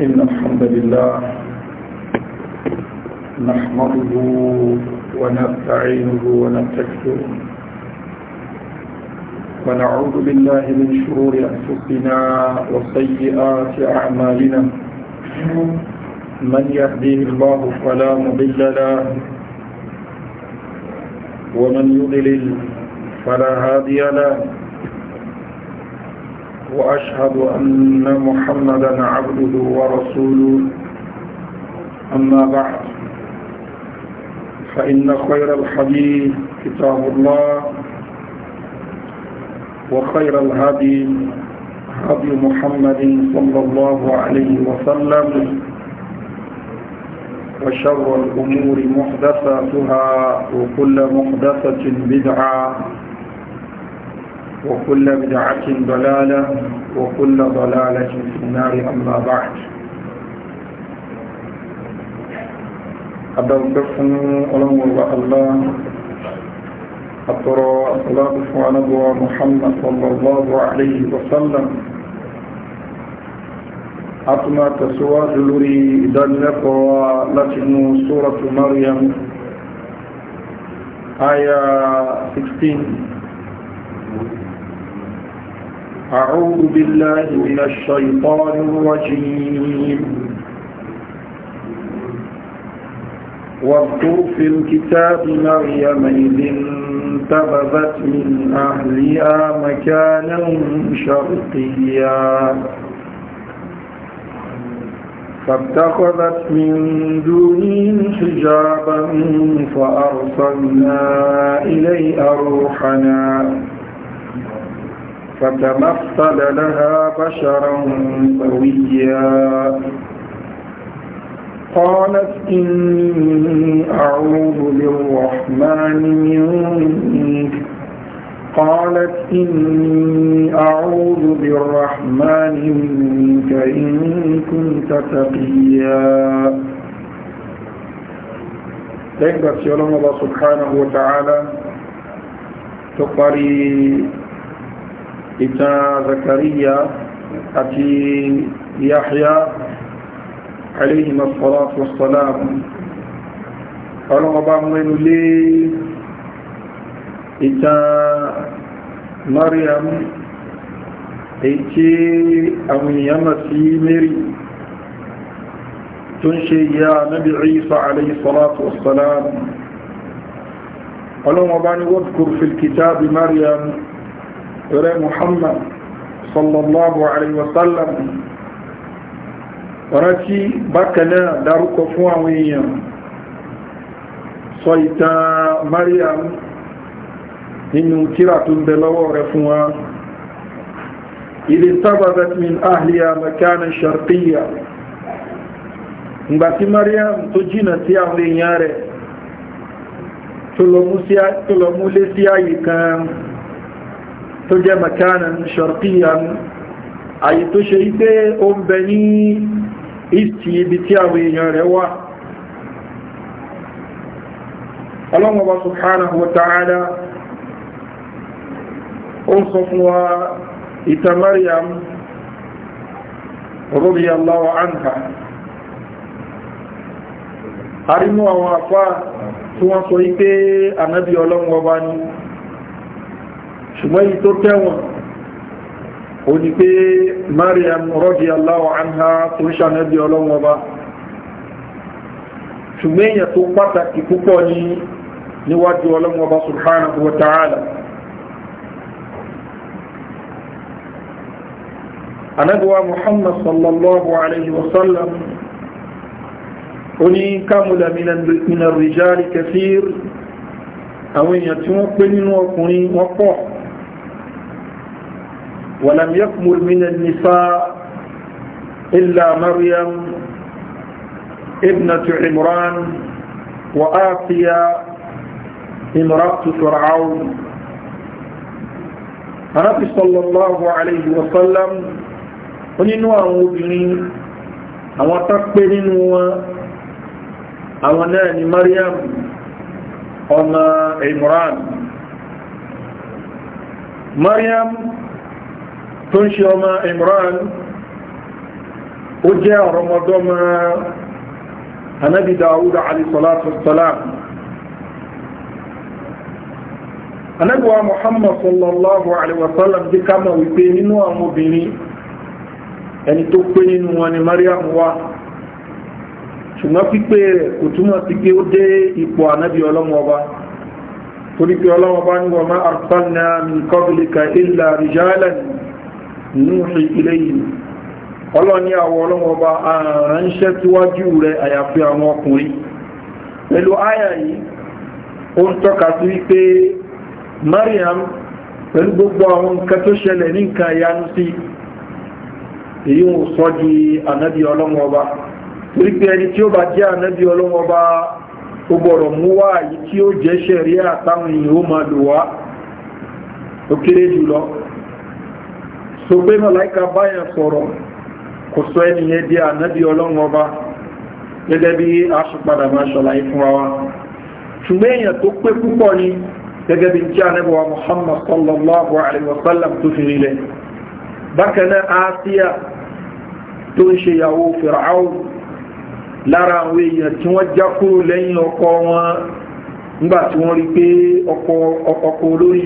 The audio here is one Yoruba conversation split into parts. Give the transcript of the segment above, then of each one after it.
إن الحمد لله نحمده ونستعينه ونستكثره ونعوذ بالله من شرور أنفسنا وسيئات أعمالنا من يهديه الله فلا مضل له ومن يضلل فلا هادي له وأشهد أن محمدا عبده ورسوله أما بعد فإن خير الحديث كتاب الله وخير الهدي هدي محمد صلى الله عليه وسلم وشر الأمور محدثاتها وكل محدثة بدعة وكل بدعة ضلالة وكل ضلالة في النار أما بعد أدوكفن ألم الله أترى الصلاة على محمد صلى الله عليه وسلم أتما تسواج لري دلق لكن سورة مريم آية 16 أعوذ بالله من الشيطان الرجيم واذكر في الكتاب مريم إذ انتبذت من أهلها مكانا شرقيا فاتخذت من دونهم حجابا فأرسلنا إليها روحنا فتمثل لها بشرا سويا قالت إني أعوذ بالرحمن منك قالت إني أعوذ بالرحمن منك إن كنت تقيا تكبر سيولم الله سبحانه وتعالى تقري ìtàn zakariya àti yahya alayhi masalatu wassalam ọlọ́wọ́ bá mẹ́nu lé ìtàn mariam èyí tí àwọn èèyàn mọ̀ sí mary tó ń ṣe ìyá nabi isa alayhi salatu wassalam ọlọ́wọ́ bá ní wadhkur fil mariam rẹ muhammad sallallahu alayhi wa sallam rántí bákan náà dárúkọ fún àwọn èèyàn sọ ìtàn mariam nínú kíra tó ń bẹ lọ́wọ́ rẹ fún wa إذ انتبذت من أهلها مكانا شرقيا ngbàtí Mariam tó jìnà sí àwọn èèyàn rẹ̀ tó lọ mú lé sí tó jẹ́ makanan sharqiyan àyè tó ṣe ipé ó ń bẹ ní ìsì ibi tí àwọn èèyàn rẹ̀ wà ọlọ́mọba subhanahu wa ta'ala ó sọ fún wa ìta Maryam radiyallahu anha arínú àwọn àpá tí wọ́n sọ ipé ànábí ọlọ́mọba ni ṣùgbọ́n yìí tó tẹ́wọ̀n ó ní pé Mariam radiyallahu anha tó ń ṣànẹ́bí ọlọ́wọ́n ọba ṣùgbọ́n èèyàn tó pàtàkì púpọ̀ ní níwájú ọlọ́wọ́n ọba subhanahu wa ta'ala anagwa muhammad sallallahu alaihi wasallam oni kamula minan rijali kathir àwọn èèyàn tí wọ́n pé nínú ọkùnrin wọ́n pọ̀ ولم يكمل من النساء إلا مريم ابنة عمران وآسيا امرأة فرعون Ànábì sallallahu alayhi wa sallam ó nínú àwọn obìnrin àwọn tápé nínú wọn àwọn náà ni Maryam ọmọ Imran Maryam tó ń ṣe ọmọ Imran ó jẹ́ ọ̀rọ̀mọdọ́mọ anabi Dawud alayhisalatu salam anabi wa Muhammad sallallahu alayhi wa sallam bí ká mọ̀ wípé nínú àwọn obìnrin ẹni tó pé nínú wọn ni Mariam wà ṣùgbọ́n pípé rẹ̀ kò túmọ̀ sí pé ó dé ipò ànábì ọlọ́mọ ọba torí ní wa ma arsalna min qablika illa rijalan ni nuhi ilayhi ọlọ́ni àwọ̀ ọlọ́wọ́ bá àránṣẹ́ tíwájú rẹ̀ àyàfi àwọn ọkùnrin pẹ̀lú àyà yìí ó ń tọ́ka sí wípé Mariam pẹ̀lú gbogbo àwọn nǹkan tó ṣẹlẹ̀ ní nǹkan ìyanu sí èyí ń sọ di ànábì ọlọ́wọ́ torí pé ẹni tí ó bá jẹ́ ànábì ọlọ́wọ́ ó gbọ́dọ̀ mú wá yìí tí ó jẹ́ ṣẹ̀rí àtàwọn èèyàn ó máa lò wá ó kéré jùlọ tó pé màláìka báyàn sọ̀rọ̀ kò sọ ẹniyẹn di ànábì ọlọ́run ọba gẹ́gẹ́ bí aṣùpadà máa ṣọ̀láyé fún wa wa ṣùgbọ́n èèyàn tó pé púpọ̀ ni gẹ́gẹ́ bí tí ànábì wa Muhammad sallallahu alaihi wa sallam tó fi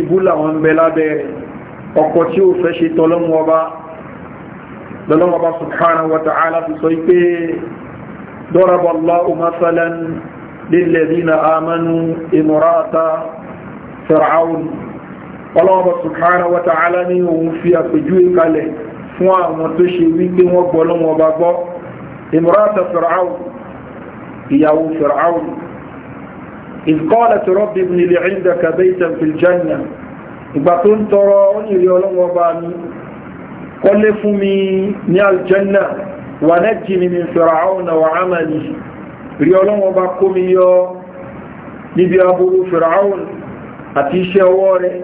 rilẹ̀ ọkọ tí ó fẹ́ ṣe tọ́lọ́mọba lọ́lọ́mọba subhanahu wa ta'ala fi sọ pé dọ́rọ̀bọ̀ Allahu masalan lilladhina amanu imrata fir'aun ọlọ́mọba subhanahu wa ta'ala ní òun fi àpèjúwe kalẹ̀ fún àwọn tó ṣe wípé wọ́n gbọ́ gbọ́ ìgbà tó ń tọrọ ó ní ìrí ọlọ́wọ́ bá mi kọ́lé fún mi ní aljanna wà nẹ́jì ni mi fẹ̀rẹ̀ àwọn àwọn àmàlì ìrí ọlọ́wọ́ bá kó mi yọ níbi aburú fẹ̀rẹ̀ àwọn àti iṣẹ́ ọwọ́ rẹ̀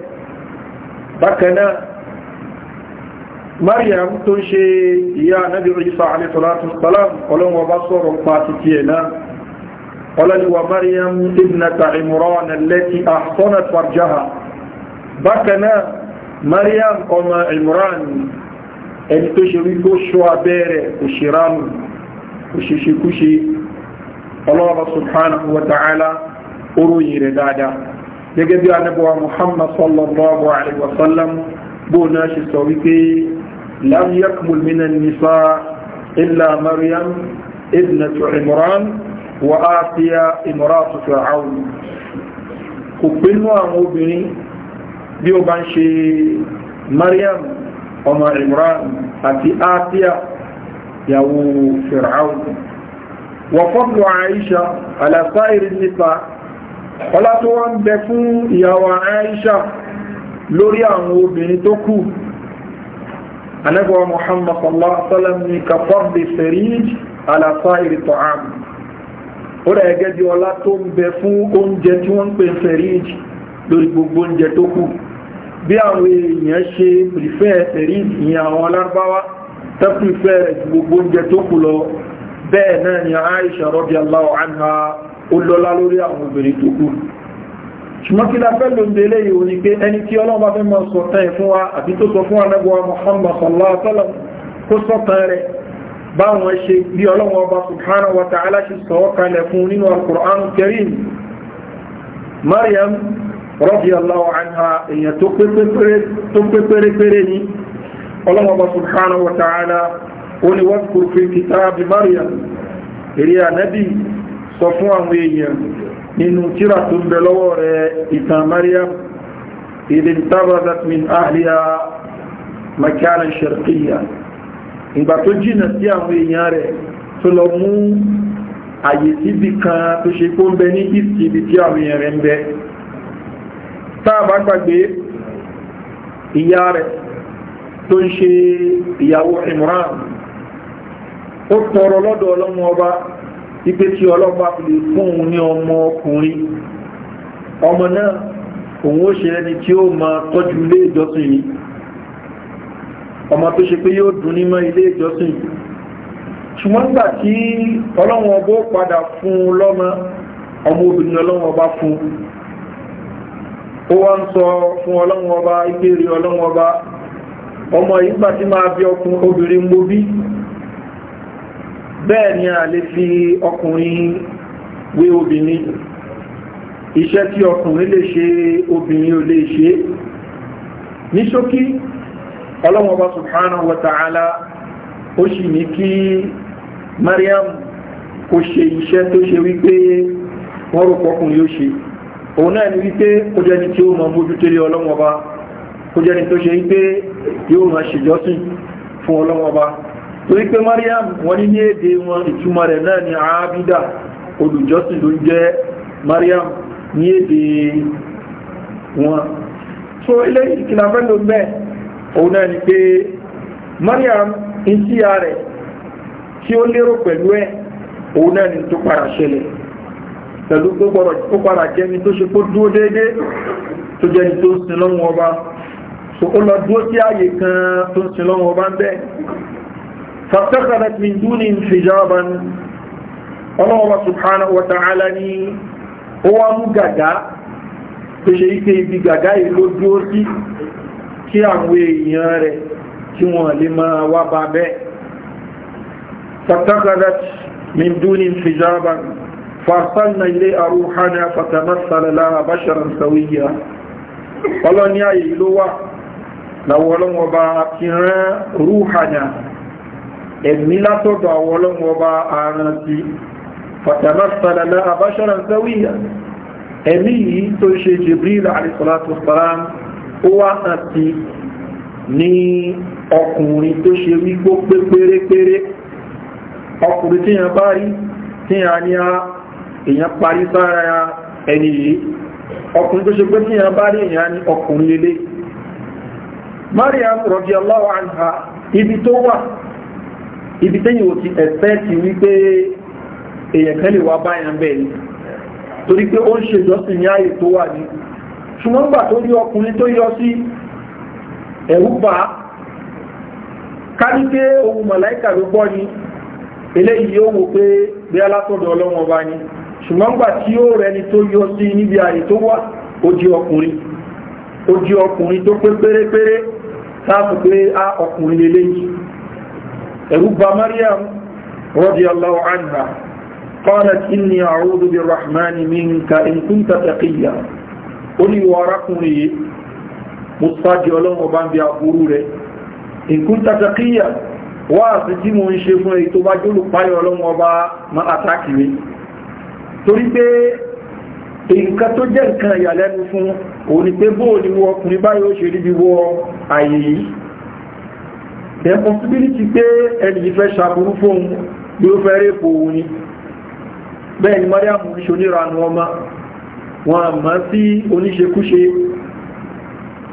bákan mariam tó ń ṣe ìyá anábì Ìsá alayhi salatu ọlọ́wọ́ bá sọ̀rọ̀ pa títí ẹ̀ náà ọlọ́ni wa mariam ibnata imran allati ahsanat farjaha bákanáà Mariam ọmọ Imran ẹni tó ṣe wípé ó ṣọ́ abẹ́rẹ̀ òṣìránù òṣìṣẹ́kúṣe ọlọ́ọ̀bá subhanahu wa ta'ala oróyìn rẹ̀ dáadáa gẹ́gẹ́ bí anábọ̀wá Muhammad sallallahu alaihi wa sallam bó náà ṣe sọ wípé lam yakmul nisa illa Mariam ibnatu Imran wa Asiya imratu Fir'aun kò pinnu àwọn obìnrin bí ó bá ń ṣe Maryam ọmọ Imran àti Asiya ìyàwó Fir'aun wa fadlu Aisha ala sa'iri nisa ọlá tó wá ń bẹ fún ìyàwó Aisha lórí àwọn obìnrin tó kù anẹ́gbọ́ Muhammad sallallahu alaihi wasallam ni ka fadli serij ala sa'iri ó rẹ̀ gẹ́gẹ́ bí ọlá tó ń bẹ fún oúnjẹ tí wọ́n ń pè serij lórí gbogbo oúnjẹ tó kù bí àwọn èèyàn ṣe pìrìfẹ́ ẹ̀rí ìyìn àwọn alárúbáwá tẹ́pìrìfẹ́ gbogbo oúnjẹ tó kù lọ bẹ́ẹ̀ náà ni Aisha radiyallahu anha ó lọ́lá lórí àwọn obìnrin tó kù ṣùgbọ́n kí la fẹ́ ló ń délé yìí ni pé ẹni tí ọlọ́run bá fẹ́ máa sọ̀tàn ẹ̀ fún wa radiyallahu anha èèyàn tó pé pérépéré ní ọlọ́wọ́bọ̀ subhanahu wa ta'ala ó ní wadhkur fi kitabi Maryam èrè ànábì sọ fún àwọn èèyàn nínú tíra tó ń bẹ lọ́wọ́ rẹ̀ ìtàn Maryam idh intabazat min ahliha makanan sharqiyya ìgbà tó jìnà sí àwọn èèyàn rẹ̀ tó lọ mú àyè síbi kan tó ṣe kó ń bẹ ní ìsìbí tí àwọn èèyàn rẹ̀ ń bẹ táàbá gbàgbé ìyá rẹ̀ tó ń ṣe ìyàwó Imran ó tọrọ lọ́dọ̀ ọlọ́mọ ọba ipe tí ọlọ́ba fi lè fún òun ní ọmọ ọkùnrin ọmọ náà òun ó ṣe ẹni tí ó máa tọ́jú ilé ìjọsìn yìí ọmọ tó ṣe pé yóò dùn ní mọ́ ilé ìjọsìn yìí ṣùgbọ́n nígbà tí ọlọ́wọ́n ọba ó padà fún un lọ́mọ ọmọ obìnrin ọlọ́wọ́n ọba fún un ó wá sọ fún ọlọ́run ọba ìbéèrè ọlọ́run ọba ọmọ yìí gbà tí máa bí ọkùn a lè fi ọkùnrin wé obìnrin iṣẹ́ tí ọkùnrin lè ṣe obìnrin ò lè ṣe ní ṣókí ọlọ́run ọba subhanahu wa ta'ala ó sì ní kí Mariam kò ṣe iṣẹ́ tó ṣe wípé wọ́n rò pọ́kùnrin ó òun wipe ni wípé o jẹ́ni tí ó mọ mójú ọba kó jẹ́ni tó ṣe wípé yóò máa ṣèjọ́sìn fún ọlọ́wọ́n ọba torí pé Mariam wọn ni ní èdè wọn ìtumọ̀ rẹ̀ náà ni àábídà olùjọ́sìn ló ń jẹ́ Mariam ni èdè wọn so ile ìkìlàfẹ́ ló bẹ́ẹ̀ òun náà ni pé Mariam n tíya a rẹ ó o lero ẹ̀ òun náà to para ṣẹlẹ̀ pẹ̀lú gbogbo padà jẹni tó ṣe kó dúó déédé tó jẹni tó sin lọ́wọ́ ọba so ó lọ dúó sí ààyè kan tó sin lọ́wọ́ ọba ń bẹ́ fàtẹ́kàlẹ̀ mi dún ní hijaban ọlọ́wọ́ subhanahu wa ta'ala ni ó wá gàgá tó ṣe ike ibi gàgá yìí ló dúó sí kí àwọn èèyàn rẹ̀ kí wọ́n lè máa wá bá bẹ́ẹ̀ fàtẹ́kàlẹ̀ mi dún ní hijaban فارسلنا إليها روحنا فتمثل لها بشرا سويا ọlọ́ni ààyè ló wà láwọn ọlọ́wọ́ bá ti rán rúhànà ẹ̀mí látọ̀dọ̀ àwọn ọlọ́wọ́ bá ààrùn sí fàtàlásàlẹ̀ àbáṣọ́rọ̀ sẹ́wìyà ẹ̀mí yìí tó ṣe jibril ọkùnrin tó ṣe wígbó pé pérépéré ọkùnrin tí yẹn bá rí tí yẹn á ní èyàn parí sára ẹni yìí ọkùnrin tó ṣe pé ní èèyàn bá rí èèyàn ní ọkùnrin lélẹ̀ Mariam radiyallahu anha ibi tó wà ibi tẹ́yìn ò ti ẹ̀fẹ́ ti wípé èèyàn báyàn bẹ́ẹ̀ ni torí pé ó ń ṣe ìjọsìn ní ààyè tó wà ní ṣùgbọ́n gbà tó rí ọkùnrin tó yọ sí ká ní pé ohun màláìkà ló gbọ́ ni eléyìí yóò wò ṣùgbọ́n gbà tí ó rẹni tó yọ sí níbi ààyè tó wá ojí ọkùnrin ojí ọkùnrin tó pé pérépéré táàfù pé á ọkùnrin lélẹ́yìn ẹ̀rù bà Maryam radiyallahu anha قالت إني أعوذ بالرحمن منك إن كنت تقيا قولي ورقني مصفاجي ولون وبان بأبوروري إن كنت تقيا واسجي من شيخنا يتباجي لقاي ولون وبا ما أتاكي torí pé nǹkan tó jẹ́ nǹkan ìyàlẹ́nu fún òun ni pé bóò ni wọ ọkùnrin báyìí ó ṣe rí bí wọ àyè yìí the possibility pé ẹni yìí fẹ́ ṣàbúrú fóun bí ó fẹ́ rèpò òun ni bẹ́ẹ̀ ni mariam ṣoníranu ọmọ wọn àmọ́ sí oníṣekúṣe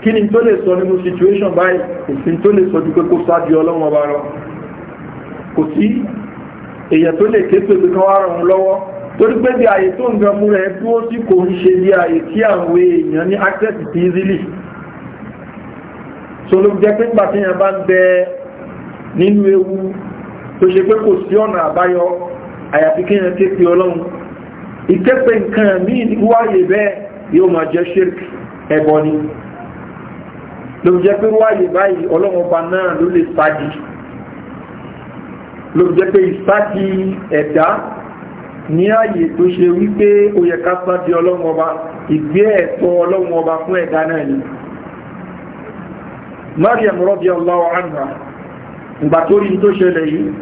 kí ni tó lè sọ nínú situation báyìí kò sí tó lè sọ ju pé kó sáájú ọlọ́run ọba lọ kò sí èèyàn tó lè ké pé pé kán wá ràn lọ́wọ́ torí pé bí ààyè tó ń gan mú rẹ̀ tí ó sì kò ń ṣe bí ààyè kí àwọn èèyàn ní access ti easily so ló jẹ́ pé nígbà tí èèyàn bá ń bẹ nínú ewu tó ṣe pé kò sí ọ̀nà àbáyọ àyàfi kí èèyàn képe ọlọ́run ìképe nǹkan míì wáyé bẹ́ẹ̀ yóò máa jẹ́ ṣírkì ẹbọ ni ló jẹ́ pé wáyé báyìí ọlọ́run ọba náà ló lè sáàdì ló jẹ́ pé ìsáàdì ẹ̀dá ní ààyè tó ṣe wípé ó yẹ ká sá di ọlọ́run ọba ìgbé ẹ̀tọ́ ọlọ́run ọba fún ẹ̀dá náà ni mariam radiyallahu anha ìgbà tó rí tó ṣẹlẹ̀ yìí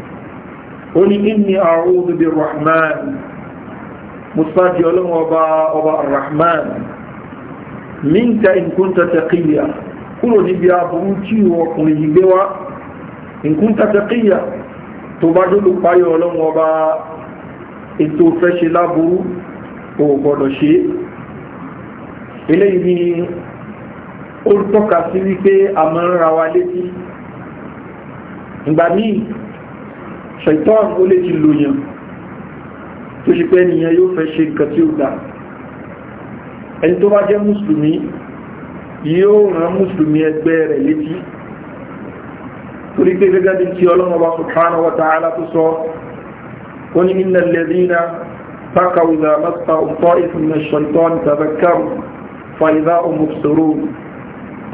ó ní inni a'udhu birrahman musa di ọlọ́run ọba ọba rahman tó bá dúdú páyọ ọlọ́run ọba ètò fẹ́ ṣe láburú o gbọ́dọ̀ ṣe eléyìí ni ó tọ́ka sí wípé a mọ́ ń ra wa létí ìgbà míì ṣẹ̀tọ́n ó lè ti lòyàn tó ṣe pé ènìyàn yóò fẹ́ ṣe nǹkan tí ó dá ẹni tó bá jẹ́ mùsùlùmí yóò rán mùsùlùmí ẹgbẹ́ rẹ̀ létí torí pé gẹ́gẹ́ bí tí ọlọ́mọba subhanahu wa ta'ala tó قل إن الذين فقوا إذا مسهم طائف من الشيطان تذكروا فإذا هم مبصرون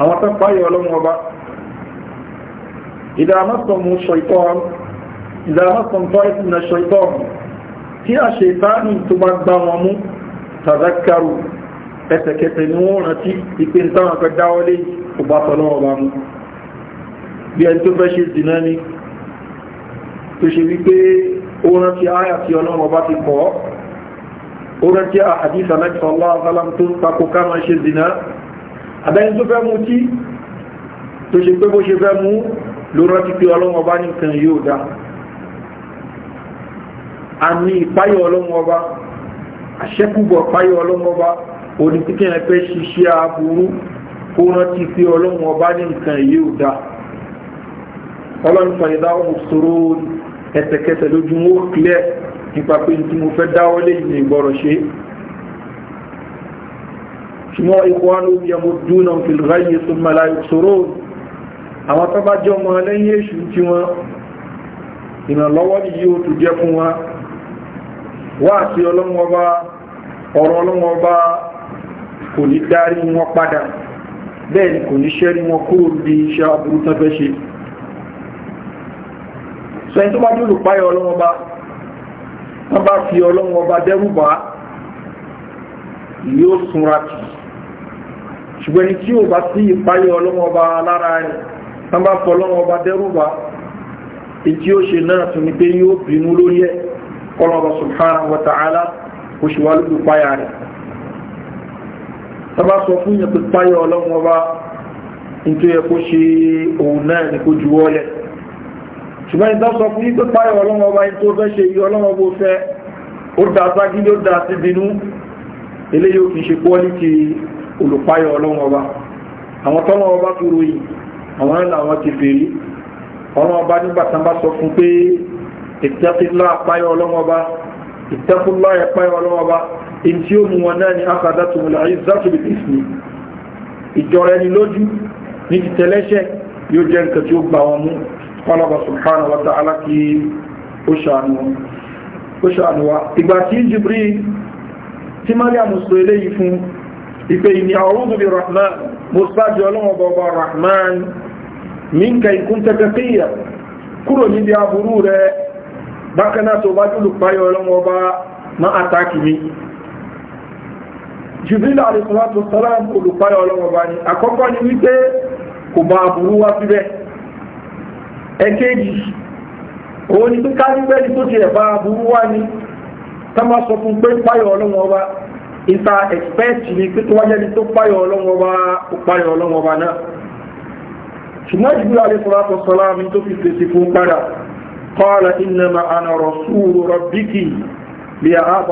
أما تقاي وبا إذا مسهم الشيطان إذا مسهم طائف من الشيطان tí a ṣe táàmì tó bá gbá wọn mú tàzákàrù ẹsẹ̀kẹsẹ̀ ni wọ́n rántí ìpé táwọn fẹ́ dáwọlé ọba bá mú bí ẹni tó fẹ́ ṣe dìná ni tó ṣe wípé ó rántí àyà tí ọlọ́run ọba ti kọ́ ó rántí àhàdísà mẹ́tọ̀ aláàbálàm tó ń takò ká máa ṣe zìnà àbẹ́yìn tó fẹ́ mú tí tó ṣe pé bó ṣe fẹ́ mú ló rántí pé ọlọ́run ọba nìkan yóò dá a ní ìpáyọ̀ ọlọ́run ọba àṣẹ́kùbọ̀ páyọ̀ ọlọ́run ọba onípínlẹ̀ ẹ̀fẹ́ ṣiṣẹ́ aburú kó rántí pé ọlọ́run ọba nìkan yóò dá ọlọ́run fàyẹ̀dá ọmọ sọ̀rọ̀ ẹsẹ̀kẹsẹ̀ lójú mú clear nípa pé tí mo fẹ́ dáwọ́ lé ìyìn ìgbọ̀rọ̀ ṣe ṣùgbọ́n ikú wọn ló yẹ mo dúnà fìlúra yìí tó mẹ́la ìṣòro àwọn tó bá jẹ́ ọmọ lẹ́yìn èṣù tí wọ́n ìrànlọ́wọ́ ni yóò tún jẹ́ fún wa wá àti ọlọ́wọ́ba ọ̀rọ̀ ọlọ́wọ́ba kò ní dárí wọn padà bẹ́ẹ̀ ni kò ní ṣẹ́rí wọn kúrò bí iṣẹ́ aburú tán ṣe sẹ́yìn tó bá jẹ́ olùpáyọ̀ ọlọ́mọba wọ́n bá fi ọlọ́mọba dẹ́rùbà yóò súnra kì ṣùgbọ́n ẹni tí ò bá sí ìpáyọ̀ ọlọ́mọba lára rẹ̀ wọ́n bá fọ ọlọ́mọba dẹ́rùbà ètí ó ṣe náà tún ní pé yóò bínú lórí ẹ̀ ọlọ́mọba subhanahu wa ta'ala oṣù wa lólùpáyà rẹ̀ wọ́n bá sọ fún ìyẹn pé páyọ̀ ọlọ́mọba nítorí ẹ̀ ṣe òun náà ní kó juwọ́ lẹ̀ ṣùgbọ́n ìdá sọ fún yípe páyọ̀ ọlọ́wọ́ ọba tó fẹ́ ṣe yí ọlọ́wọ́ bó fẹ́ ó dá ságídé ó dá sí bínú eléyìí ó fi ṣe quality olùpáyọ̀ ọlọ́wọ́ ọba àwọn tọ́lọ́wọ́ ọba fi ròyìn àwọn ẹ̀nà àwọn ti fèrí ọlọ́wọ́ ọba nígbà tán bá sọ fún pé ni akadatumula izatu bi ismi ìjọra ẹni lójú ní ti tẹlẹ́ṣẹ̀ yóò jẹ́ nǹkan tí ó gbà wọn mú kọlọ́bà subhanahu wa ta'ala kí ó ṣàánú wa ìgbà tí jibril tí mariam sọ eléyìí fún ìpè ìní a'udhu bi rahman musáàjì ọlọ́wọ́ bọ̀bọ̀ rahman minka in kunta taqiya kúrò níbi aburú rẹ bákan náà tó bá jùlù páyọ̀ ọlọ́wọ́ bá ma àtàkì mi jibril alayhi salatu wassalam olùpáyọ̀ ọlọ́wọ́ ẹ̀kejì òun ni píká nígbẹ́ni tó ti ẹ̀bá burú wá ní tọ́mọ sọ fún pé páyọ̀ ọba ìta ni pé tó wájẹ́ ni tó páyọ̀ ọlọ́wọ́ ọba náà ṣùgbọ́n ìgbìlá alẹ́ sọ́lá tó sọ́lá mi tó fi fèsì fún padà قال إنما أنا رسول ربك لأعاب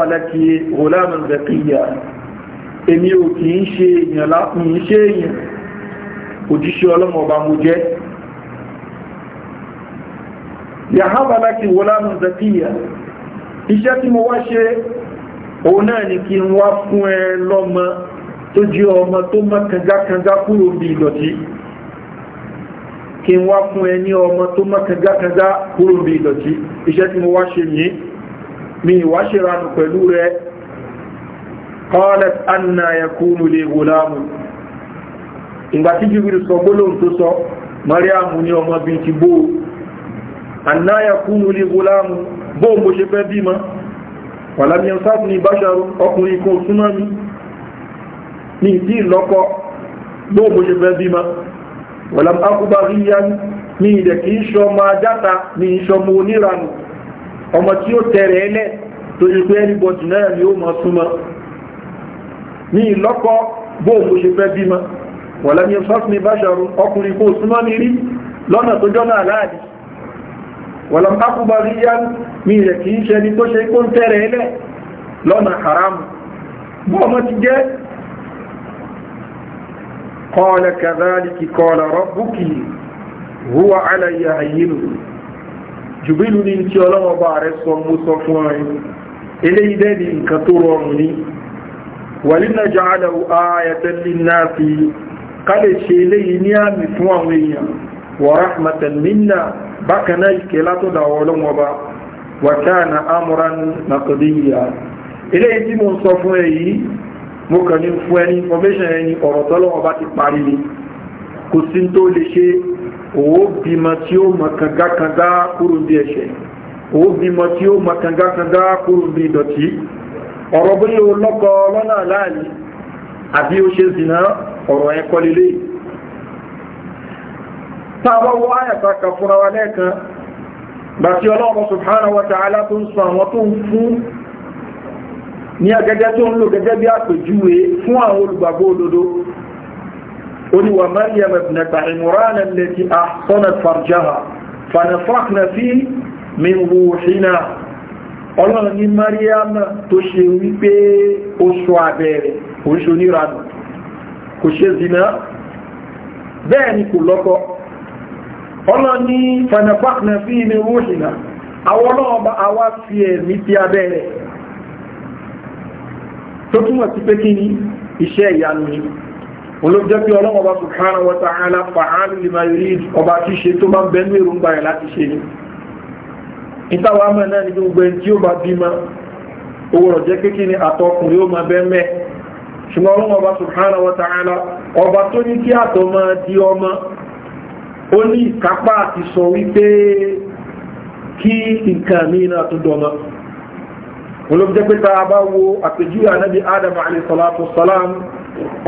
yàhábà láti wọlámù zakiya iṣẹ́ tí mo wá ṣe òun náà ni kí n wá fún ẹ lọ́mọ tó jẹ́ ọmọ tó mọ́ kangakanga kúrò bí ìdọ̀tí kí n wá fún ẹ ní ọmọ tó mọ́ kangakanga kúrò bí ìdọ̀tí iṣẹ́ tí mo wá ṣe yìí mi ìwá ṣe ranù pẹ̀lú rẹ qalat anna yakunu li gulamu ìgbà tí jibril sọ gbólóhùn tó sọ mariam ní ọmọ bíi ti gbóò àná yakúnù lè gúlámù bóò mo ṣe fẹ́ bímọ wàlámiyàn sáàtì ní ìbáṣàrú ọkùnrin kan súnmọ́ mi ní ìdí ìlọ́kọ bóò mo ṣe fẹ́ bímọ wàlám akúbá rí yá ní ìdẹ̀ kìí ṣọ máa játa ní ni ó máa súnmọ́ ní ìlọ́kọ bóò mo ṣe fẹ́ bímọ wàlámiyàn sáàtì lọ́nà tó jọ́nà aláàdì wọ̀lọ̀m ápùbà ríyá mi rẹ̀ kìí ṣe ni tó ṣe kó ń tẹ́rẹ̀ ẹlẹ́ lọ́nà haram bọ́ ọmọ ti jẹ́ kọ́ọ̀lẹ̀ kàdáàlìkì kọ́ọ̀lẹ̀ rọ́bùkì huwa aláyé àyínú jùbílù ní tí ọlọ́mọba rẹ̀ sọ mú sọ fún ọrin eléyìí dẹ́ ni nǹkan tó rọrùn ní wàlínà jàádàwó ayatollah náà fi kálẹ̀ ṣe eléyìí ní àmì fún àwọn èèyàn wà rahmatan minna bákan náà ìkẹ́ látọ̀dà ọlọ́run ọba wàkánà amúran nàtọ̀díyà ilé tí mo sọ fún ẹ yìí kàn ní fún ẹni information ẹni ọ̀rọ̀ tọ́lọ́run ti parí ni kò sí tó lè ṣe òwò bímọ tí ó mọ kangakanga kúrò bí ẹ̀ṣẹ̀ òwò bímọ tí ó mọ kúrò bí ìdọ̀tí ọ̀rọ̀ bóyá o lọ́kọ lọ́nà láàyè àbí o ṣe zìnà ọ̀rọ̀ ẹ̀kọ́ lélẹ́yìí táwọn wọ́n àyàtà kà fúnra wa lẹ́ẹ̀kan bàtí ọlọ́run subhanahu wa ta'ala tó ń sọ àwọn tó ń fún ní agẹ́gẹ́ tó ń lò gẹ́gẹ́ bí àpèjúwe fún àwọn olùgbàgbọ́ òdodo oníwà maryam ibnata imran allati ahsanat farjaha bẹ́ẹ̀ ni kò lọ́kọ ọlọ́ni na fi ní rúhìnà àwọn fi ẹ̀mí ti abẹ́rẹ̀ tó túnmọ̀ sí pé kí ni iṣẹ́ ìyanu ni olóòjẹ́ pé ọlọ́ọ̀bá subhanahu wa ta'ala fa'alu lima ọba tí ṣe tó máa ń bẹnu èròǹgbà rẹ̀ láti ṣe ni ìtawà mọ̀ náà ni gbogbo ẹni tí ó bá owó rọ̀ jẹ́ pé kí ni ó máa mẹ́ ṣùgbọ́n ọba tó ní kí àtọ́ máa ó ní ìkápá àti sọ wípé kí nǹkan mìíràn tó dọ̀nà olóògbé jẹ́ pé tá a bá wo àpèjúwe ànábì adam alayhi salatu salam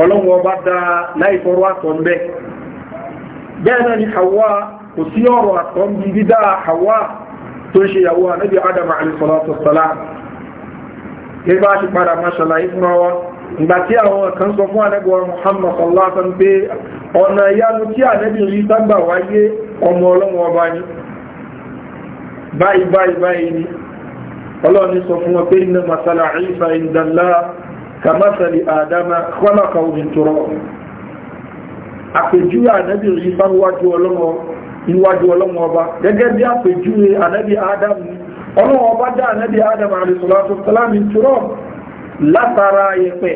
ọlọ́run ọba dá láì tọrọ àtọ̀ńbẹ́ bẹ́ẹ̀ náà ni hawa kò sí ọ̀rọ̀ àtọ̀ńbí dídá hawa tó ń ṣe ìyàwó ànábì adam alayhi salam gẹ́gbà ti padà máa ṣàlàyé wa ìgbà tí àwọn kan sọ fún ànábì wa muhammad sallallahu alaihi wa sallam ọ̀nà ìyanu tí ànẹ́bì rí ságbà wáyé ọmọ ọlọ́run ọba ní báyìí báyìí báyìí ni ọlọ́run ní sọ fún wọn pé iná masala ìfà ìdàlá kàmásàlì àdámà kọ́lákà orin tó rọ àpèjúwe ànẹ́bì rí sáwájú ọlọ́run ọba gẹ́gẹ́ bí àpèjúwe ànẹ́bì ádámù ọlọ́run ọba dá ànẹ́bì ádámù àrẹsọ̀lá tó sálámì tó rọ látara yẹpẹ̀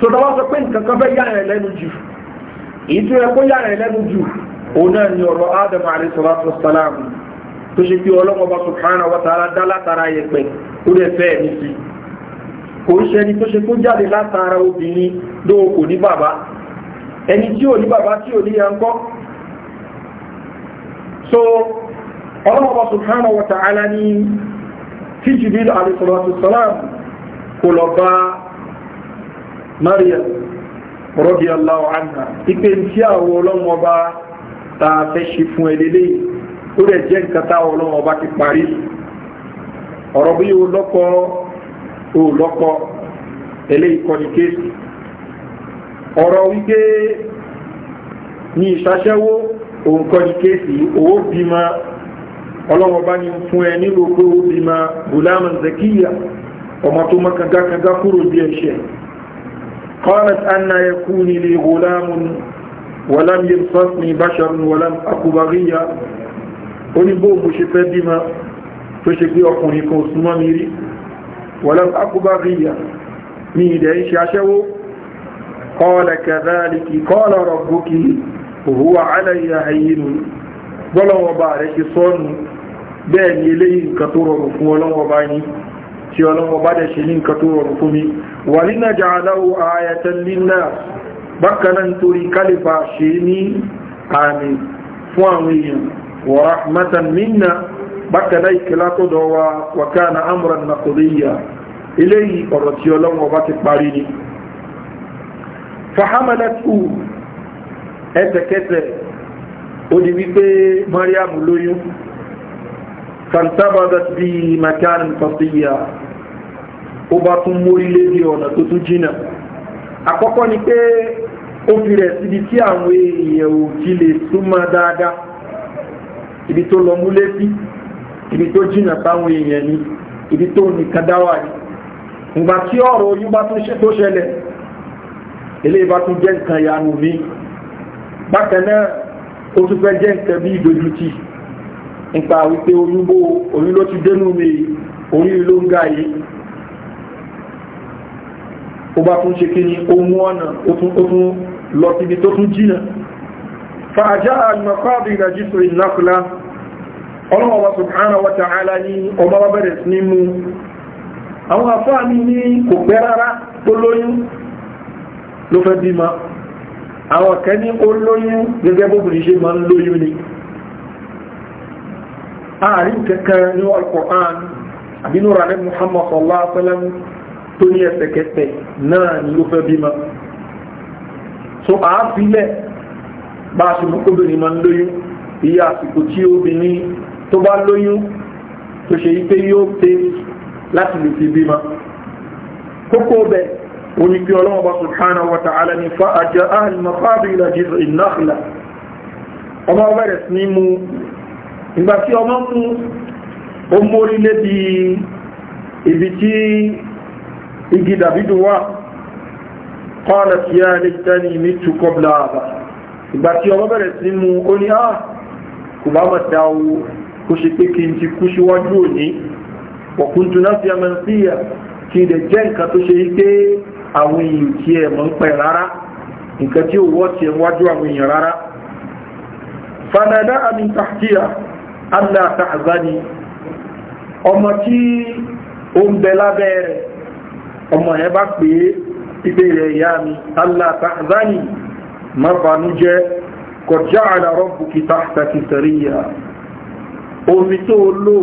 tó pé nǹkan kan fẹ́ yá lẹ́nu jù èyí tó yẹ kó yára ẹ lẹ́nu jù òun náà ni ọ̀rọ̀ adam alayhi salatu wa salam tó ṣe pé ọlọ́mọba subhanahu wa ta'ala dá látara yẹpẹ ó lè fẹ́ ẹ̀mí sí kò ń ṣẹni tó ṣe kó jáde látara obìnrin lóò kò ní bàbá ẹni tí ò ní bàbá tí ò ní ya ń kọ́ so ọlọ́mọba subhanahu wa ta'ala ni tí Jibril alayhi salatu wa kò lọ bá Maryam rọ́bì aláwọ̀ àná ipe tí àwọn ọlọ́mọ bá ta fẹ́ ṣe fún ẹ lélẹ́ ó rẹ̀ jẹ́ nǹkan táwọn ọlọ́mọ bá ti parí ọ̀rọ̀ bí o lọ́kọ o lọ́kọ eléyìí kọ́ ni kéésì ọ̀rọ̀ wípé ní ìṣàṣẹ́wó òun kọ́ ni kéèsì owó bímọ ọlọ́wọ́bá ni fún ẹ nílò pé ó bímọ gùlámù zakiya ọmọ tó mọ́ kangakanga kúrò bí ẹ̀ṣẹ̀ قالت أن يكون لي غلام ولم يمسسني بشر ولم أك بغيا oníbò mo ṣe fẹ́ bímọ tó ṣe pé ọkùnrin kan súnmọ́ mi rí wọ́lọ́m akúbáríyà ní ilẹ̀ iṣẹ́ aṣẹ́wó kọ́ọ̀lẹ̀ kẹ̀dálìkì kọ́ọ̀lẹ̀ rọ̀gbókì òhúwà aláyà ayínú bọ́lọ́wọ́ bá rẹ̀ ṣe sọ́nù bẹ́ẹ̀ ni eléyìí nǹkan tó rọrùn fún ọlọ́wọ́ bá yìí tí ọlọ́wọ́ bá dẹ̀ ṣe ní nǹkan tó rọrùn fún mi wà ní nàjà aláwọ̀ ayatan lílá bákanáà nítorí kálífà ṣe ní àmì fún àwọn èèyàn wà rahmatan minna bákanáà ìkìlá tó dọ̀wà wà kana amran maqdiya eléyìí ọ̀rọ̀ tí ọlọ́wọ́ bá ti parí ni fahamalatu fantabadat bi makan fasiya ó bá tún mórí léde ọ̀nà tó tún jìnà àkọ́kọ́ ni pé ó fi rẹ̀ síbi tí àwọn èèyàn ò ti lè súnmọ́ dáadáa ibi tó lọ múlé sí ibi tó jìnà táwọn èèyàn ni ibi tó nìkan dáwà ni ìgbà tí ọ̀rọ̀ oyún bá tún ṣe tó ṣẹlẹ̀ eléyìí bá tún jẹ́ nǹkan ìyanu mi bákan náà ó tún fẹ́ jẹ́ nǹkan bí ìdójútì nípa wípé oyún bó oyún ló ti dénú mi oyún ló ń ga yìí ó bá tún ṣe kí ni ó mú ọ̀nà ó tún lọ síbi tó tún jìnà fàájá alìmọ̀kọ́bí ìrajìsọ ìnákùlá ọlọ́wọ́ subhanahu wa ta'ala ní ọba wa bẹ̀rẹ̀ sí mú àwọn afáà mi ní kò pẹ́ rárá tó lóyún ló fẹ́ bímọ àwọn kan ní ó lóyún gẹ́gẹ́ bóbìnrin ṣe máa ń lóyún ni ààrin kankan ní al tó ní ẹsẹ̀kẹsẹ̀ náà ni ó fẹ́ bímọ so àáfilẹ̀ bá a ṣe mọ́ obìnrin máa ń lóyún iye àsìkò tí obìnrin tó bá lóyún tó ṣe yí pé yóò pé láti lè fi bímọ kókó bẹ̀ òní pé ọlọ́wọ́ bá subhanahu wa ta'ala ní fa àjọ àhìmọ̀ fáàbì ìlàjì ìnáfìlà ọmọ bẹ̀rẹ̀ sí ní mú ìgbà tí ọmọ mú ó mórí lébi ibi tí igi dàbídù wà kọ́ọ̀lẹ̀ tí a lè tẹ́ni mi tù kọ́bla àbà ìgbà tí ọmọ bẹ̀rẹ̀ sí mu ó ní àà ah, kò bá mọ̀ dá o kó ṣe pé kí n ti kú síwájú òní ọ̀kúntù náà fi ọmọ sí ìyà kí n jẹ́ nǹkan tó ṣe pé àwọn èèyàn tí ẹ̀ mọ̀ ń pẹ̀ rárá nǹkan tí ó ti ẹ̀ wájú àwọn èèyàn rárá fanada àmì tàkíyà allah ta'azani ọmọ tí ó ń bẹ lábẹ́ rẹ̀ ọmọ yẹn bá pè é ipe rẹ̀ ìyá mi allah ta'zani má banú jẹ́ kọjá àlà rọ́bù kìtà àtàkì sẹ̀ríyà omi tó lò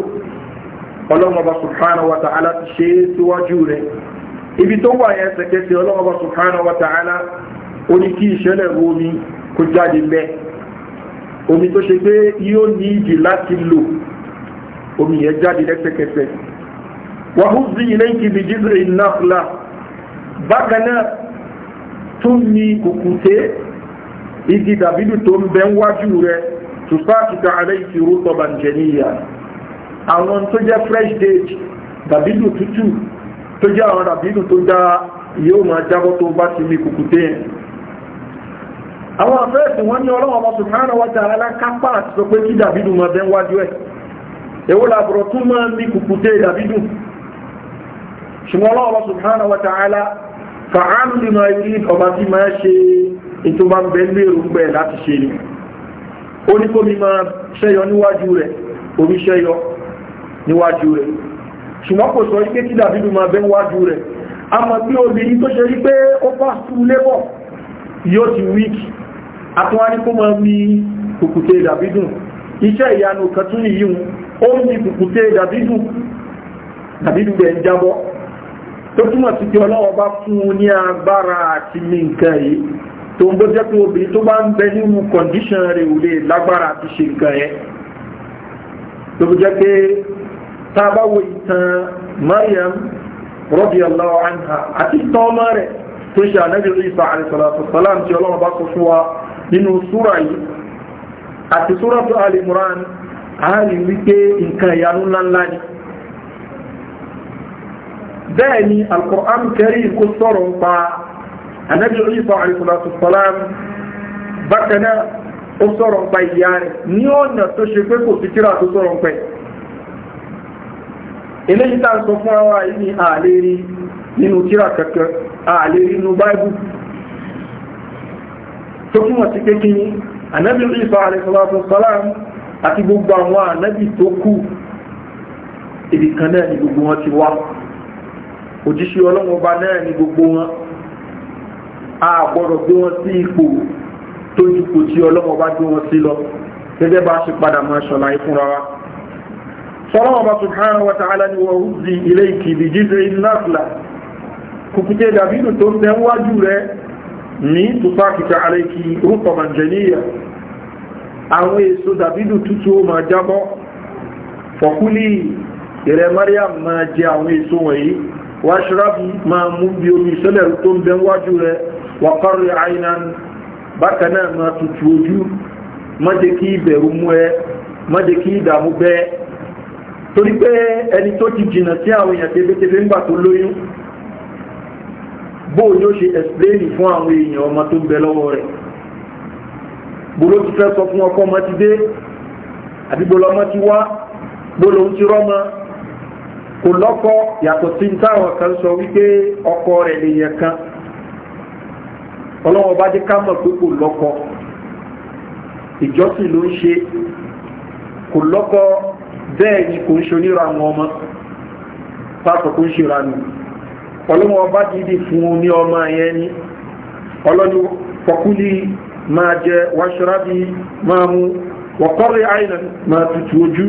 ọlọ́mọba subhanahu wa ta'ala ti ṣe é síwájú rẹ̀ ibi tó wà yẹn sẹ̀kẹ́sẹ̀ ọlọ́mọba subhanahu wa ta'ala ó ní kí ìṣẹ̀lẹ̀ omi kó jáde bẹ́ẹ̀ omi tó ṣe pé yóò ní ìdí láti lò omi yẹn jáde lẹ́sẹ̀kẹsẹ̀ wàhúzí iléyìí bí jíṣẹ́ ìnáfúlà bákan náà tún ní kùkùté igi dàbídù tó ń bẹ wájú rẹ tùfáàkìtà aláìsí rútọ bàǹjẹ̀níyà àwọn tó fresh date dàbídù tútù tó jẹ́ àwọn dàbídù tó dáa to ní ọlọ́wọ́ ọmọ subhanahu wa ta'ala kápá àti sọ pé kí dàbídù máa bẹ ma ẹ̀ èwo tún ṣùgbọ́n Allah subhanahu wa ta'ala fa'am lè máa yí ọba tí máa ṣe ètò bá ń bẹ lérò ń bẹ láti ṣe ni ó ní kó mi máa ṣẹyọ níwájú rẹ̀ omi ṣẹyọ níwájú rẹ̀ ṣùgbọ́n kò sọ ipé tí dàbídù máa bẹ níwájú rẹ̀ a mọ̀ pé obìnrin tó ṣe rí pé ó pàṣù lébọ̀ yóò ti wíkì àtúnwárí kó máa mi kùkùté dàbídù iṣẹ́ ìyanu kan tún nìyí ó ń mi kùkùté dàbídù dàbídù bẹ̀ ń jábọ́ tó túmọ̀ sí pé ọlọ́wọ́ bá fún un ní agbára àti mi nǹkan yìí tó ń bó jẹ́ pé obìnrin tó bá ń bẹ nínú kọ̀ǹdíṣàn rẹ̀ ò lè lágbára àti ṣe nǹkan yẹn tó bó jẹ́ pé tá a bá wo ìtàn Maryam radiyallahu anha àti ìtàn ọmọ rẹ̀ tó ṣe ànábì Isa alayhi salatu wassalam tí ọlọ́wọ́ bá sọ fún wa nínú súra yìí àti súra tó Al Imran a rí wípé nǹkan ìyanu ńláńlá ni bẹ́ẹ̀ ni alkur'an karim kó sọ̀rọ̀ ń pa anabi isa alayhisalatu salam bákan náà ó sọ̀rọ̀ ń pa ìyá rẹ̀ ní ọ̀nà tó ṣe pé kò sí kíra tó sọ̀rọ̀ ń pẹ́ eléyìí tá a sọ fún ara yìí ní ààlè rí nínú kíra kankan ààlè rí nínú báíbù tó fún wọn kékeré anabi isa alayhisalatu àti gbogbo àwọn anabi tó kù ibìkan náà ni gbogbo wọn ti wá òjíṣẹ́ ọlọ́run ọba náà ni gbogbo wọn a gbọ́dọ̀ gbé wọn sí ipò tó ju kò tí ọlọ́run ọba gbé wọn sí lọ gẹ́gẹ́ bá a ṣe padà máa ṣọ̀láyé fúnra wa sọ́lọ́wọ́ subhanahu wa ta'ala ni wọ́n ń zi ilé ìkìlì jíjẹ ìnáfìlà kùkùté dàbínú tó ń bẹ wájú rẹ̀ ní tùfáàkìtà àlẹ́kì rúkọ̀ màjẹ̀níyà àwọn èso dàbínú tútù ó máa jábọ́ fọ̀kúlì ìrẹ̀ Mariam máa jẹ àwọn èso wọ̀nyí wa máa ma bí omi ìṣẹ̀lẹ̀ tó ń rẹ wà kọrì àìnan bákan náà máa tutù ojú má jẹ́ kí ìbẹ̀rù mú ẹ má jẹ́ kí ìdààmú bẹ ẹ torí pé ẹni tó ti jìnnà sí àwọn fún àwọn èèyàn ọmọ tó ń bẹ ti sọ fún ti bolo ti kò lọ́kọ́ yàtọ̀ sí táwọn kan sọ wípé ọkọ rẹ̀ lèèyàn kan ọlọ́wọ́ bá jẹ́ ká mọ̀ pé kò lọ́kọ́ ìjọsìn ló ń ṣe kò lọ́kọ́ bẹ́ẹ̀ ni kò ń ṣonira àwọn ọmọ pàtó kò ń ọlọ́wọ́ bá dìídì fún un ní ọmọ yẹn ni ọlọ́ni fọkúlì máa jẹ wáṣọ́rábì máa mú wọ́kọ́rẹ́ àìlẹ̀ máa tutù ojú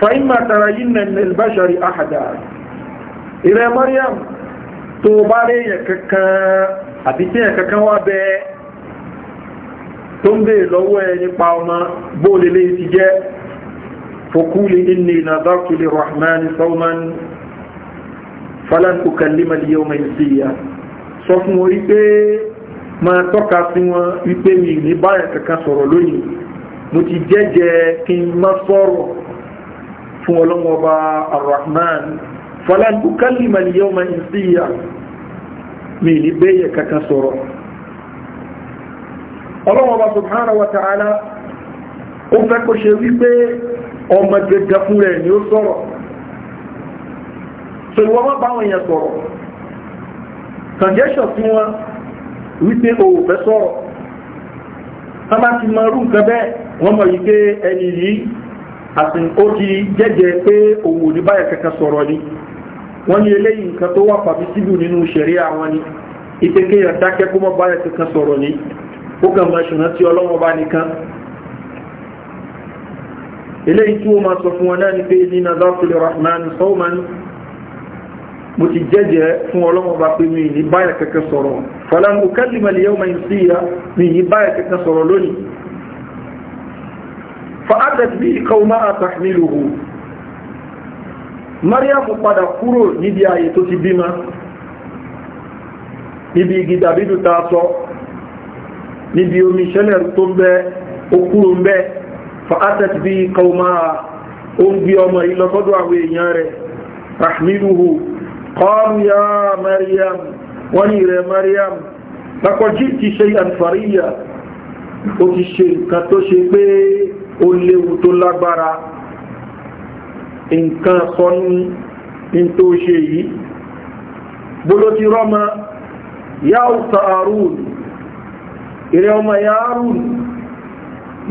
fàímà tara yìí nà ní ìbáṣọ̀rí àhàdà ìrẹ́ Mariam tó bá rí èèyàn kankan àti tí èèyàn kankan wá bẹ tó ń bèè lọ́wọ́ ẹ nípa ọmọ bóòlì lè ti jẹ́ fòkúlì inni nadartu lirrahman sawman falan ukallima al-yawma insiya sọ fún wọn wípé máa tọ́ka sí wọn wípé mi ní báyà kankan sọ̀rọ̀ lónìí mo ti jẹ́jẹ́ kí n má sọ̀rọ̀ fún ọlọ́wọ́ bá arrahman falandu kálìmà ní yọ́ máa ń sí ìyá mi ní bẹ́yẹ kankan sọ̀rọ̀ ọlọ́wọ́ bá subhanahu wa ta'ala o fẹ́ kó ṣe wípé ọmọ gẹ́gẹ́ ni ó so ìwọ́n má bá wọn sọ̀rọ̀ wọn wípé o ò fẹ́ sọ̀rọ̀ tá bá ti mọ nǹkan àsìn ó ti jẹ́jẹ́ pé òun ò ní báyà kankan sọ̀rọ̀ ni wọ́n ní eléyìí nǹkan tó wà pàbí síbù nínú ṣẹ̀rí àwọn ni ipe kéèyàn kó mọ́ báyà kankan sọ̀rọ̀ ni ó kàn máa ṣùnà tí ọlọ́wọ́ bá nìkan eléyìí tí wọ́n máa sọ fún wọn náà ni pé ní nazartu rahman sọ́ọ̀mán mo ti jẹ́jẹ́ fún ọlọ́wọ́ pé mi ní báyà kankan sọ̀rọ̀ falan ukallima al-yawma insiya mi ní báyà fa'adat bí kàwọ́má àtàkìlòhù mariam padà kúrò níbi ààyè tó ti bímá níbi igi dàbídù ta sọ níbi omi ìṣẹ́lẹ̀ tó ń bẹ okúrò ń bẹ fa'adat bí kàwọ́má ó ń gbé ọmọ ìlọ́sọ́dọ̀ àwọn èèyàn rẹ̀ rahmiluhu qalu mariam wọ́n ní rẹ̀ mariam lakọjí ti ṣe àǹfàríyà ó ti ṣe nǹkan tó ṣe pé ó léwu tó lágbára nǹkan sọ́nú ní tó ṣe yìí bóló ti rọ́mọ yá ò sàárùn ìrẹ́ ọmọ yá rùn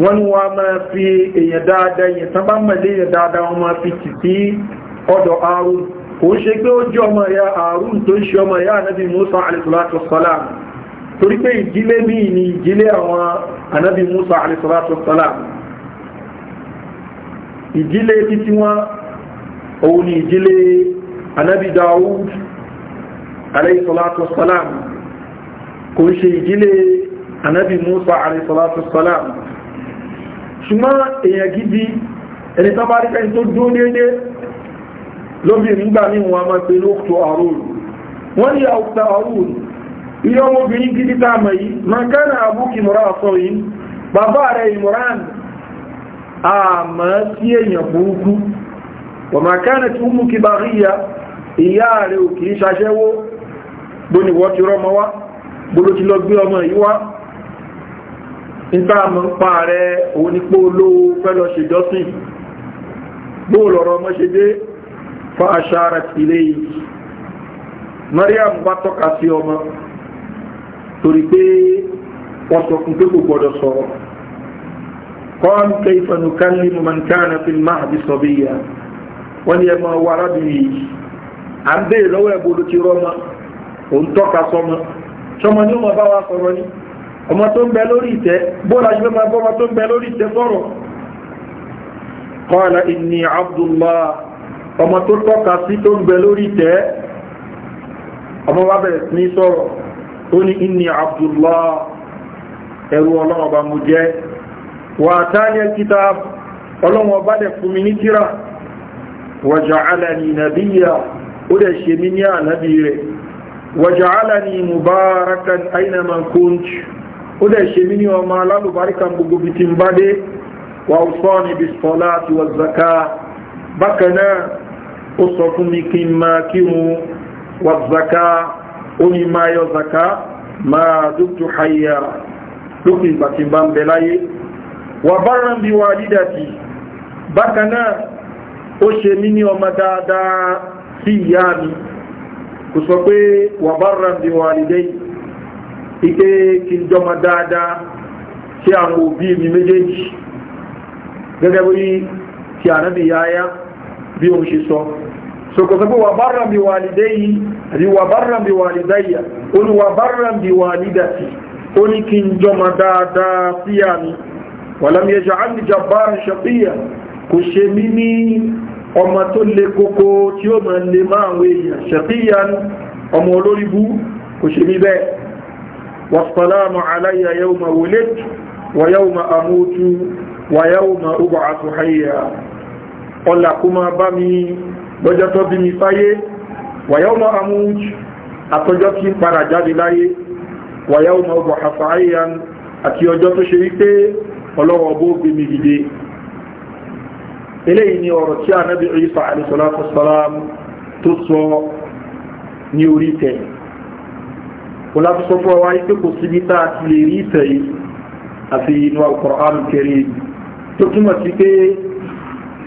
wọ́n ni wọ́n máa fi èyàn dáadáa èyàn tán bá mọ̀lé èyàn dáadáa wọ́n máa fi tì sí ọ̀dọ̀ àrùn kò ń ṣe pé ó jẹ́ ọmọ ya àrùn tó ń ṣe ọmọ ya anábì musa alìsọ́látọ̀ sọ́lám torí pé ìdílé míì ni ìdílé àwọn anábì musa alìsọ́látọ̀ sọ́lám ìdílé títí wọn òun ni ìdílé anábì Dawud alayhi salatu wassalam kò ń ṣe ìdílé anábì Musa alayhi salatu wassalam ṣùgbọ́n èèyàn gidi ẹni tó bá rí kẹ́ni tó dúró déédéé lóbìnrin gbà ní wọn a máa pe lóòtò àrùn wọ́n ní àwùta àrùn ilé ọmọbìnrin gidi tá yìí àmọ́ sí èèyàn burúkú wọ̀màkánà tí ó mú kí bàríyà ìyá rẹ̀ ò kìí ṣaṣẹ́wó bóníwọ́ ti rọ́mọ wá bóló ti lọ gbé ọmọ yìí wá níta mọ̀ ń pa rẹ̀ òun ni pé olówó fẹ́ lọ ṣèjọ́sìn bóòlọ̀rọ̀ ọmọ ṣe dé fa aṣára tìlé قال كيف نكلم من كان في المهد صبيا وني ما وردي عن بي لو يقول تي روما ونتوكا صوما صوما نيوما باوا صوروني ọmọ tó ń bẹ lórí ìtẹ́ bóra ṣe máa bọ́ ọmọ tó ń bẹ lórí ìtẹ́ sọ́rọ̀ qala inni abdullah ọmọ tó tọ́ka sí tó ń bẹ lórí ìtẹ́ ọmọ wa bẹ̀rẹ̀ sí ní sọ̀rọ̀ tó ní inni abdullah ẹrú ọlọ́mọba mo jẹ́ وآتاني الكتاب ọlọ́run ọba dẹ̀ fún mi ní kíra wàjàálàní nàbíyà ó dẹ̀ ṣe mi ní ànábí rẹ̀ wàjàálàní mubarakan ainama kunch ó dẹ̀ ṣe mi ní ọmọ alálùbáríkan gbogbo bitin bá dé wà ó sọ ní bisola àti wà zaka bákanáà ó sọ fún mi kí n máa kírun wà zaka ó ní máa yọ zaka máa dúktu hayya lókè ìgbà tí bá ń bẹ láyé wà bára bí wà lídàtì bákan náà ó ṣe mí ní ọmọ dáadáa sí ìyá mi kò sọ pé wà bára bí wà lídàtì ike kí n jọmọ dáadáa sí àwọn òbí mi méjèèjì gẹ́gẹ́ bí ti ànábì yáyá bí o ṣe sọ so kò sọ pé wà bára bí wà lídàtì àbí wà bára bí wà lídàtì ó ní bára bí wà lídàtì ó ní kí n jọmọ dáadáa sí ìyá mi wàlámi ẹjọ́ alìjàbára ṣàpíyà kò ṣe mí ní ọmọ tó le kókó tí ó máa le máa àwọn èèyàn ṣàpíyà ọmọ olórí bú kò ṣe mí bẹ́ẹ̀ wàsálàmù aláyà yau ma wòlẹ́tù wà yau ma amótú wà yau ma ubà àtúhàyà ọlà kó máa bá mi lọ́jọ́ tó bí mi fáyé wà yau ma amótú àtọjọ́ tí ń padà jáde láyé wà yau ma ubà àtúhàyà àti ọjọ́ tó ṣe wípé ọlọ́wọ́ bó gbèmí gidi eléyìí ni ọ̀rọ̀ tí anábì Isa alayhisalatu wasalam tó sọ ní orí tẹ̀ kò láti sọ fún wa wípé kò síbi tá a ti lè rí ìtẹ̀ yìí àfi inú al-Qur'an al-Karim tó túmọ̀ sí pé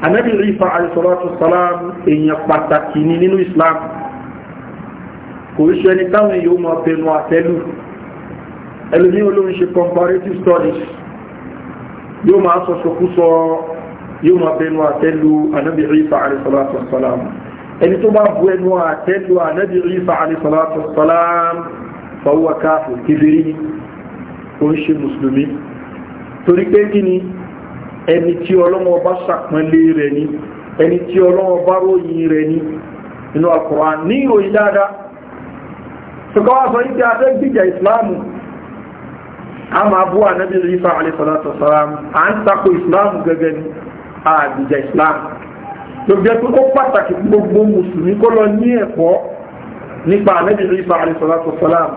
anábì Isa alayhisalatu wasalam èèyàn pàtàkì ni nínú Islam kò ń ṣe ẹni táwọn èèyàn máa bẹnu àtẹ́lù ẹlòmíì olóhùn ṣe comparative studies yóò máa sọ sọkúsọ yóò máa bẹnu àtẹ́lu anabi isa alayhisalatu wasalam ẹni tó bá bu ẹnu àtẹ́lu anabi isa alayhisalatu wasalam fọwọ́ káfù kébèrè ni ó ń ṣe mùsùlùmí torí pé kí ni ẹni tí ọlọ́wọ́ bá ṣàpọ́nlé rẹ̀ ni ẹni tí ọlọ́wọ́ bá ròyìn rẹ̀ ni inú Al-Qur'an dáadáa ṣùgbọ́n wá sọ yìí tí ìsìláàmù a máa bú ànábì Ìsá alayhi salatu wassalam à ń takò islam gẹ́gẹ́ ní àdìjà islam lóbi ẹ̀tọ́ ó pàtàkì gbogbo mùsùlùmí kó lọ ní ẹ̀kọ́ nípa ànábì Ìsá alayhi salatu wassalam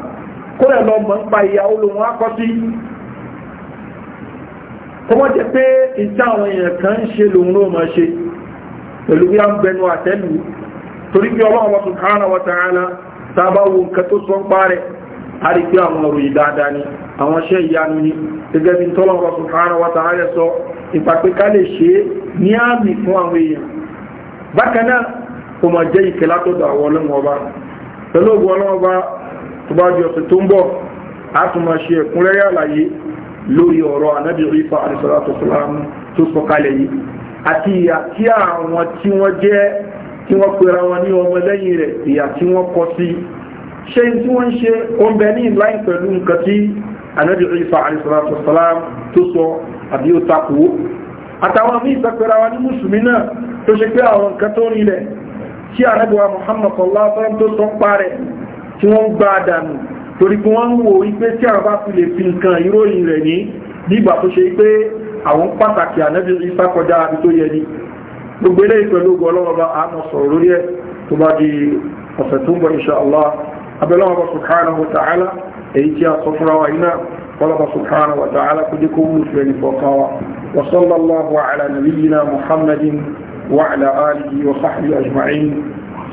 kó lè lọ mọ̀ nípa ìyàwó lòun á kọ́ sí kó wọ́n jẹ́ pé ìta àwọn èèyàn kan ń ṣe lòun ló máa ṣe pẹ̀lú bí a ń bẹnu àtẹ́lù torí subhanahu wa ta'ala tábà wo nǹkan tó àrí pé àwọn ọ̀rọ̀ ìdáadáa ni àwọn iṣẹ́ ìyanu ni gẹ́gẹ́ bí tọ́lọ́rọ̀ subhanahu wa ta'ala sọ ìpàpẹ́ lè ṣe ní àmì fún àwọn èèyàn bákan kò mọ̀ jẹ́ ìkẹ́ látọ̀dọ̀ àwọn ọlọ́run pẹ̀lú ògùn ọlọ́run a tún ṣe ẹ̀kúnrẹ́rẹ́ àlàyé lórí ọ̀rọ̀ àdìsọ́látọ̀ tó sọ kalẹ̀ yìí àti ṣe tí wọ́n ṣe wọ́n bẹ ní ìlànà pẹ̀lú nǹkan tí anabi isa alayhisalatu wasalam tó sọ àbí ó takò àtàwọn míì sàpẹrẹ wa ní mùsùlùmí náà tó ṣe pé àwọn nǹkan tó nílẹ̀ tí anabi wa muhammad sallallahu alaihi wasallam tó sọ ń parẹ́ tí wọ́n ń gbá dànù torí pé wọ́n ń wo ipé tí àwọn bá fi lè fi nǹkan gbogbo eléyìí pẹ̀lú ọgọ́ ọlọ́wọ́ bá àmọ̀ sọ̀rọ̀ lórí ẹ̀ tó bá di ọ̀sẹ̀ tó ń bọ̀ insha Allah abẹ́lọ́wọ́ bá subhanahu wa ta'ala èyí tí a sọ fúnra wa iná wọ́lọ́bà subhanahu wa ta'ala kó díkó wúlò fún ẹni fọ́kàn wa wa sallallahu ala nabiyyina muhammadin wa ala alihi wa sahbihi ajma'in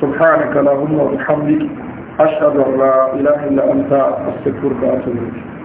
subhanaka lahumma wa bihamdik ashhadu an la ilaha illa anta astaghfiruka wa atubu ilayk